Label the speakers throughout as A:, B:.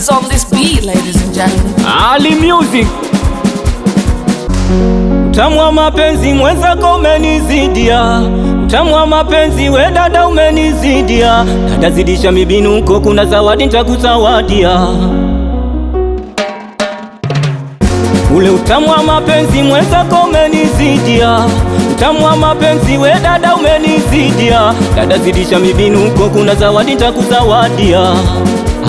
A: is on this beat, ladies and gentlemen.
B: Ali Music. Utamu wa mapenzi mwenzako umenizidia, utamu wa mapenzi we dada umenizidia, dada zidisha mibinuko, kuna zawadi nitakuzawadia Ule utamu wa mapenzi mwenzako umenizidia, utamu wa mapenzi we dada umenizidia, dada zidisha mibinuko, kuna zawadi nitakuzawadia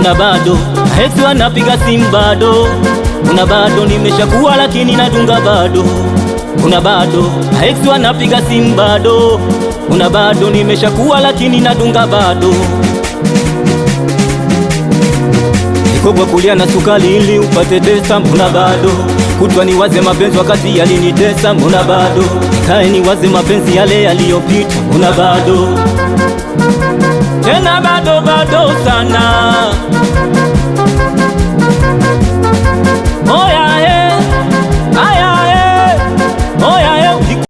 B: Una bado Hetu anapiga simu bado. Una bado nimeshakuwa lakini nadunga bado. Una bado Hetu anapiga simu bado. Una bado nimeshakuwa lakini nadunga bado. Kogwa kulia na sukali ili upate pesa, mbona bado? Kutwa ni waze mapenzi wakati yalinitesa, mbona bado? Kae ni waze mapenzi yale yaliyopita, mbona bado? tena bado bado sana